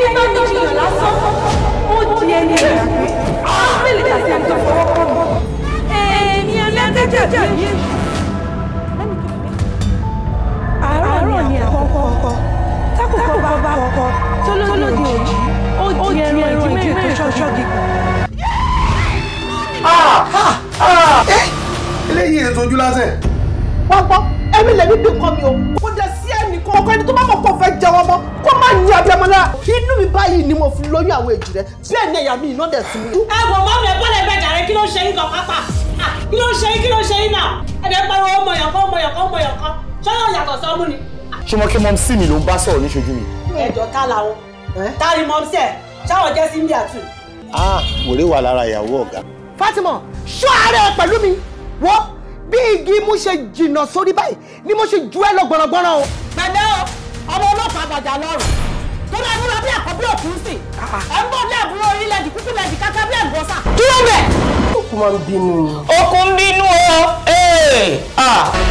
ẹni bá ní jiyàn lásán ó di ẹni ẹ̀yà pé àwọn mélòó tàbí àjọ fọwọ́ kọ́ mi. èmi ẹlẹ́dẹ̀jẹ̀ mi. àárọ̀ ni àkọ́kọ́ ọkọ tákùkọ bá bá ọkọ tó lóde òjì ó di ẹran ìdí mẹ́rin tó ṣọ́ọ̀gì. Ah! Ah! Ah! Eh! eléyìí èso ojú lásẹ̀. wọ́n gbọ́ ẹ̀mí lẹ́mí bí kọ́ mi ò kó jẹ sí ẹnì kan ọkọ ẹni tó bá mọ̀ pọ̀ fẹ́ jẹ wọn mọ́. Adémọ́lá inú mi báyìí ni mo fi lóyún àwọn èjì rẹ bẹ́ẹ̀ ni ẹ̀yà mi iná dẹ̀ sí mi. ẹ wọ mọ mi ẹ bọ́lẹ̀ bẹ́ẹ̀ jàre kí ló ṣe yín kan pápá kí ló ṣe yín kí ló ṣe yín náà ẹ̀dẹ̀ pariwo ọmọ yọ̀kan ọmọ yọ̀kan ọmọ yọ̀kan ṣọ́yọ̀ yàtọ̀ sọ́mú ni. ṣé mo kí mọ́ sí mi ló ń bá sọ̀rọ̀ níṣojú mi. ẹ̀jọ̀ ta làwọn táàrí mọ́ sẹ̀ ṣáwọ̀ jẹ́ sí ń bí àtù. wòlé wà lára ìyàwó ọ̀gá. Fatima ṣọ́ àárẹ̀ pẹ̀lú mi wọ́ bí igi mú ṣe jìnnà sórí báyìí ni mo ṣe ju ẹ lọ gbọ̀nàgbọ̀nà o. pẹ̀lẹ́ o ọmọ ọlọ́pàá bàjá lọ́rùn tó bá múra bí àkọ́bí òkun sí ah, ah. ẹ̀ ń bọ̀ bí àbúrò orílẹ̀-èdè kúkú lẹ́dì káká bí àgbọ̀nsà. dúró bẹ̀. okùn máa ń bínú. okùn bínú o. Ah.